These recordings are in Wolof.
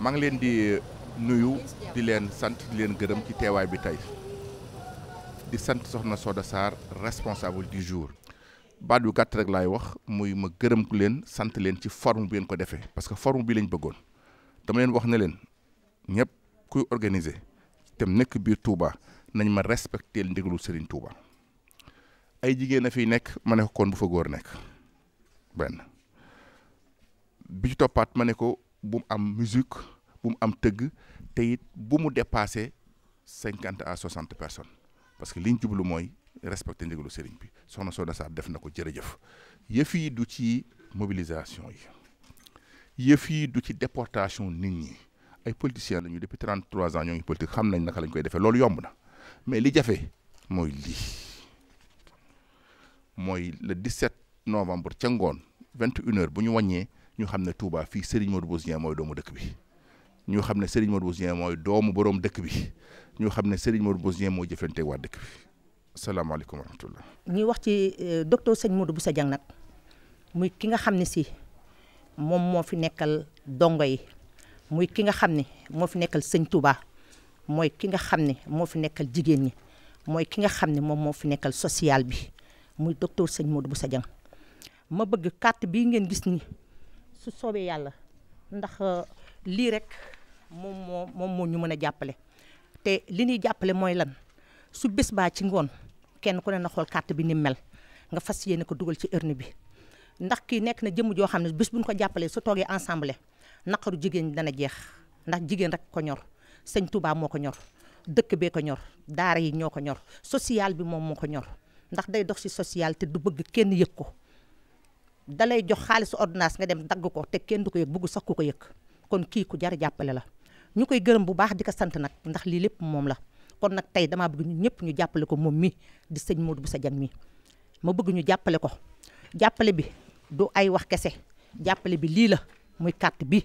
maa ngi leen di nuyu di leen sant di leen gërëm ci teewaay bi tey di sant soxna Soda Sarr responsable du jour baat yu gàtt rek laay wax muy ma gërëm ku leen sant leen ci forme bi ngeen ko defee parce que forme bi lañ bëggoon dama leen wax na leen ñëpp kuy organiser te nekk biir Touba nañ ma respecté ndigalu Serigne Touba ay jigéen a fiy nekk ma ne ko kon bu fa góor nekk bi ci toppaat ma ne ko. bu mu am musique bu mu am tëgg te it bu mu dépassé cinquante à soixante personnes parce que liñ jublu mooy respecté ndigalu sëriñ bi soxna Soda Sarr def na ko jërëjëf yëf yi du ci mobilisation yi yëf du ci déportation nit ñi ay politiciens lañu depuis trente trois ans ñoo ngi politique xam nañ naka lañ koy defee loolu yomb na mais li jafe mooy lii mooy le 17 novembre ca ngoon vingt et une heures bu ñu wàññee ñu xam ne Touba fii Serigne Modou Bousso Dieng mooy doomu dëkk bi ñu xam ne Serigne Modou Bousso Dieng doomu borom dëkk bi ñu xam ne Serigne Modou Bousso Dieng moo jëflante waa dëkk bi salaamaaleykum wa ñuy wax ci euh, docteur Serigne Modou Bousso Dieng nag muy ki nga xam ne si moom moo fi nekkal dongo yi muy ki nga xam ne moo fi nekkal sëñ Touba mooy ki nga xam ne moo fi nekkal jigéen ñi mooy ki nga xam ne moom moo fi nekkal social bi muy docteur Serigne Modou Bousso Dieng ma bëgg carte bii ngeen gis nii. su soobee yàlla ndax euh, lii rek moom moo moom moo ñu mën a jàppale te li nuy jàppale mooy lan su bés baa ci ngoon kenn ku ne na xool kart bi ni mel nga fas yéene ko dugal ci urne bi ndax kii nekk na jëmm joo xam ne bés bu ñu ko jàppalee su toogee ensemble naqaru jigéen dana jeex ndax jigéen rek ko ñor sëñ Touba moo ko ñor dëkk bee ko ñor daara yi ñoo ko ñor sociale bi moom moo ko ñor ndax day dox si social te du bëgg kenn yëg ko. dalay jox xaalisu ordinance nga dem dagg ko te kenn du ko yëg bugg sax ku ko yëg kon kii ku jar jàppale la ñu koy gërëm bu baax di ko sant nag ndax lii lépp moom la kon nag tey damaa bëgg ñun ñëpp ñu jàppale ko moom mi di sëñ Modou Bousso Dieng mi ma bëgg ñu jàppale ko jàppale bi du ay wax kese jàppale bi lii la muy carte bi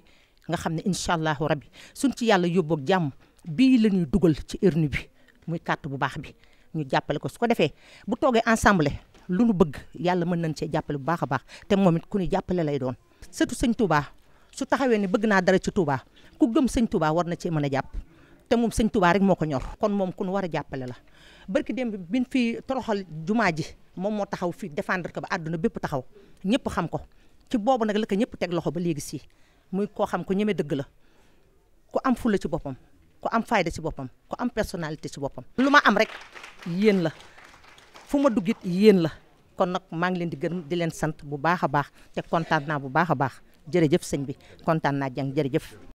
nga xam ne incha allahu rabbi suñ ci yàlla yóbbook jàmm bii la dugal ci urne bi muy carte bu baax bi ñu jàppale ko su ko defee bu toogee ensemble lu nu bëgg yàlla mën nañ cee jàppale bu baax a baax te moom it ku ni jàppale lay doon surtout sëñ Touba su taxawee ni bëgg naa dara ci Touba ku gëm sëñ Touba war na cee mën a jàpp te moom sëñ Touba rek moo ko ñor kon moom ku nu war a jàppale la barki démb bin fii toroxal jumaa ji moom moo taxaw fii défendre ko ba àdduna bépp taxaw ñëpp xam ko ci boobu nag la ko ñëpp teg loxo ba léegi sii muy koo xam ko ñeme dëgg la ku am fulla ci boppam ku am fayda ci boppam ku am personnalité ci boppam lu ma am rek yéen la fu ma yéen la kon nag maa ngi leen di gërëm di leen sant bu baax a baax te kontaan bu baax a baax jërëjëf sëñ bi kontaan naa jàng jërëjëf